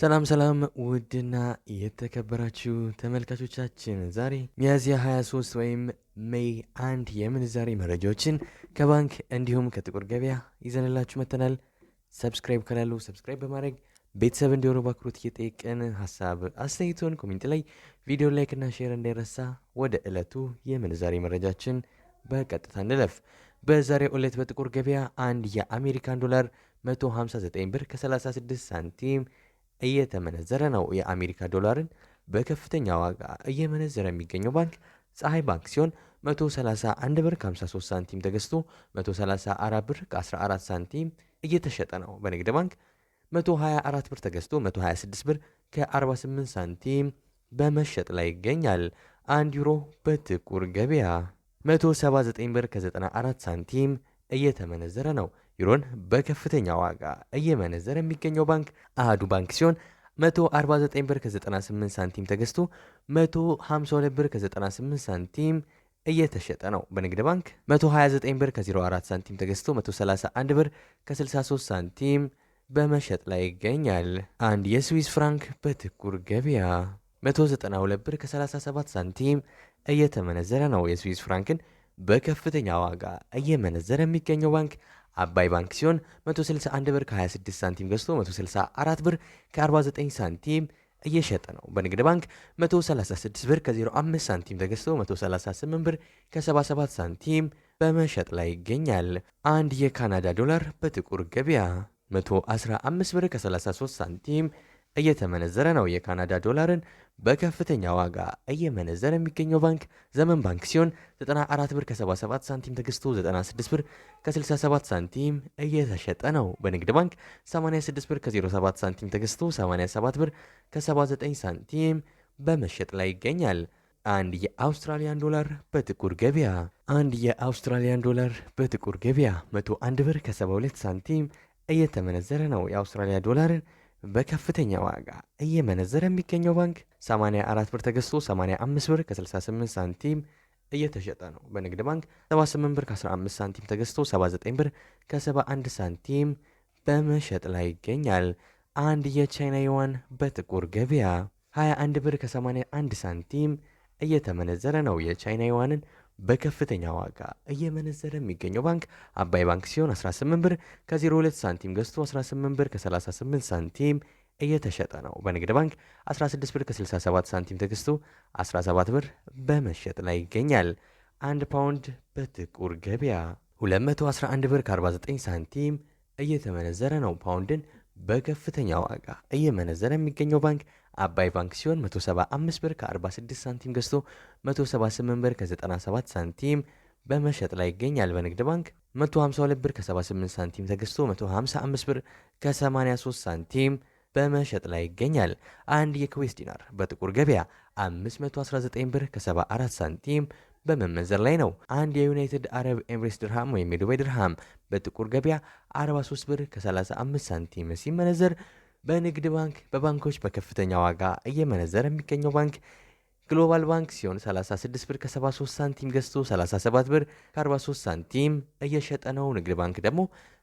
ሰላም ሰላም ውድና የተከበራችሁ ተመልካቾቻችን ዛሬ ሚያዝያ 23 ወይም ሜይ አንድ የምንዛሬ መረጃዎችን ከባንክ እንዲሁም ከጥቁር ገበያ ይዘንላችሁ መተናል። ሰብስክራይብ ካላሉ ሰብስክራይብ በማድረግ ቤተሰብ እንዲሆኑ በአክብሮት እየጠየቅን ሀሳብ አስተያየቶን ኮሜንት ላይ ቪዲዮ ላይክና ሼር እንዳይረሳ። ወደ ዕለቱ የምንዛሬ መረጃችን በቀጥታ እንለፍ። በዛሬው ዕለት በጥቁር ገበያ አንድ የአሜሪካን ዶላር 159 ብር ከ36 ሳንቲም እየተመነዘረ ነው። የአሜሪካ ዶላርን በከፍተኛ ዋጋ እየመነዘረ የሚገኘው ባንክ ፀሐይ ባንክ ሲሆን 131 ብር 53 ሳንቲም ተገዝቶ 134 ብር 14 ሳንቲም እየተሸጠ ነው። በንግድ ባንክ 124 ብር ተገዝቶ 126 ብር ከ48 ሳንቲም በመሸጥ ላይ ይገኛል። አንድ ዩሮ በጥቁር ገበያ 179 ብር ከ94 ሳንቲም እየተመነዘረ ነው። ዩሮን በከፍተኛ ዋጋ እየመነዘረ የሚገኘው ባንክ አህዱ ባንክ ሲሆን 149 ብር ከ98 ሳንቲም ተገዝቶ 152 ብር ከ98 ሳንቲም እየተሸጠ ነው። በንግድ ባንክ 129 ብር ከ04 ሳንቲም ተገዝቶ 131 ብር ከ63 ሳንቲም በመሸጥ ላይ ይገኛል። አንድ የስዊስ ፍራንክ በጥቁር ገበያ 192 ብር ከ37 ሳንቲም እየተመነዘረ ነው። የስዊስ ፍራንክን በከፍተኛ ዋጋ እየመነዘረ የሚገኘው ባንክ አባይ ባንክ ሲሆን 161 ብር ከ26 ሳንቲም ገዝቶ 164 ብር ከ49 ሳንቲም እየሸጠ ነው። በንግድ ባንክ 136 ብር ከ05 ሳንቲም ተገዝቶ 138 ብር ከ77 ሳንቲም በመሸጥ ላይ ይገኛል። አንድ የካናዳ ዶላር በጥቁር ገበያ 115 ብር ከ33 ሳንቲም እየተመነዘረ ነው። የካናዳ ዶላርን በከፍተኛ ዋጋ እየመነዘረ የሚገኘው ባንክ ዘመን ባንክ ሲሆን 94 ብር ከ77 ሳንቲም ተገዝቶ 96 ብር ከ67 ሳንቲም እየተሸጠ ነው። በንግድ ባንክ 86 ብር ከ07 ሳንቲም ተገዝቶ 87 ብር ከ79 ሳንቲም በመሸጥ ላይ ይገኛል። አንድ የአውስትራሊያን ዶላር በጥቁር ገበያ አንድ የአውስትራሊያን ዶላር በጥቁር ገበያ 101 ብር ከ72 ሳንቲም እየተመነዘረ ነው። የአውስትራሊያ ዶላርን በከፍተኛ ዋጋ እየመነዘረ የሚገኘው ባንክ 84 ብር ተገዝቶ 85 ብር ከ68 ሳንቲም እየተሸጠ ነው። በንግድ ባንክ 78 ብር ከ15 ሳንቲም ተገዝቶ 79 ብር ከ71 ሳንቲም በመሸጥ ላይ ይገኛል። አንድ የቻይና ዩዋን በጥቁር ገበያ 21 ብር ከ81 ሳንቲም እየተመነዘረ ነው። የቻይና ዩዋንን በከፍተኛ ዋጋ እየመነዘረ የሚገኘው ባንክ አባይ ባንክ ሲሆን 18 ብር ከ02 ሳንቲም ገዝቶ 18 ብር ከ38 ሳንቲም እየተሸጠ ነው። በንግድ ባንክ 16 ብር ከ67 ሳንቲም ተገዝቶ 17 ብር በመሸጥ ላይ ይገኛል። አንድ ፓውንድ በጥቁር ገበያ 211 ብር ከ49 ሳንቲም እየተመነዘረ ነው። ፓውንድን በከፍተኛ ዋጋ እየመነዘረ የሚገኘው ባንክ አባይ ባንክ ሲሆን 175 ብር ከ46 ሳንቲም ገዝቶ 178 ብር ከ97 ሳንቲም በመሸጥ ላይ ይገኛል። በንግድ ባንክ 152 ብር ከ78 ሳንቲም ተገዝቶ 155 ብር ከ83 ሳንቲም በመሸጥ ላይ ይገኛል። አንድ የኩዌስ ዲናር በጥቁር ገበያ 519 ብር ከ74 ሳንቲም በመመንዘር ላይ ነው። አንድ የዩናይትድ አረብ ኤምሬትስ ድርሃም ወይም የዱባይ ድርሃም በጥቁር ገበያ 43 ብር ከ35 ሳንቲም ሲመነዘር በንግድ ባንክ በባንኮች በከፍተኛ ዋጋ እየመነዘረ የሚገኘው ባንክ ግሎባል ባንክ ሲሆን 36 ብር ከ73 ሳንቲም ገዝቶ 37 ብር ከ43 ሳንቲም እየሸጠ ነው። ንግድ ባንክ ደግሞ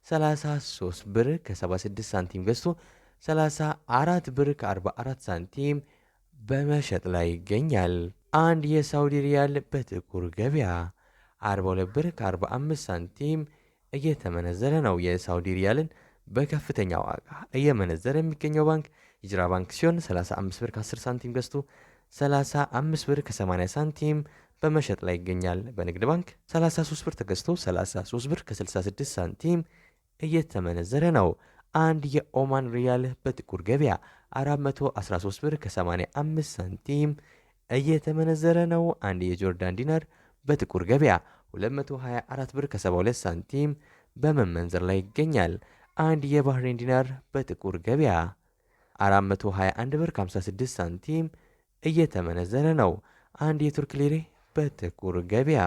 33 ብር ከ76 ሳንቲም ገዝቶ 34 ብር ከ44 ሳንቲም በመሸጥ ላይ ይገኛል። አንድ የሳውዲ ሪያል በጥቁር ገበያ 42 ብር ከ45 ሳንቲም እየተመነዘረ ነው። የሳውዲ ሪያልን በከፍተኛ ዋጋ እየመነዘረ የሚገኘው ባንክ ሂጅራ ባንክ ሲሆን 35 ብር ከ10 ሳንቲም ገዝቶ 35 ብር ከ80 ሳንቲም በመሸጥ ላይ ይገኛል። በንግድ ባንክ 33 ብር ተገዝቶ 33 ብር ከ66 ሳንቲም እየተመነዘረ ነው። አንድ የኦማን ሪያል በጥቁር ገበያ 413 ብር ከ85 ሳንቲም እየተመነዘረ ነው። አንድ የጆርዳን ዲናር በጥቁር ገበያ 224 ብር ከ72 ሳንቲም በመመንዘር ላይ ይገኛል። አንድ የባህሬን ዲናር በጥቁር ገበያ 421 ብር 56 ሳንቲም እየተመነዘረ ነው። አንድ የቱርክ ሊሬ በጥቁር ገበያ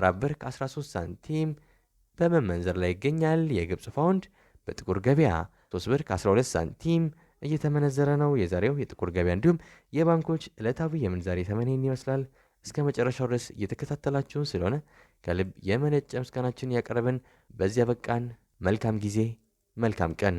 4 ብር 13 ሳንቲም በመመንዘር ላይ ይገኛል። የግብፅ ፓውንድ በጥቁር ገበያ 3 ብር 12 ሳንቲም እየተመነዘረ ነው። የዛሬው የጥቁር ገበያ እንዲሁም የባንኮች ዕለታዊ የምንዛሬ ተመንን ይመስላል። እስከ መጨረሻው ድረስ እየተከታተላችሁን ስለሆነ ከልብ የመነጨ ምስጋናችን ያቀረብን በዚያ በቃን። መልካም ጊዜ መልካም ቀን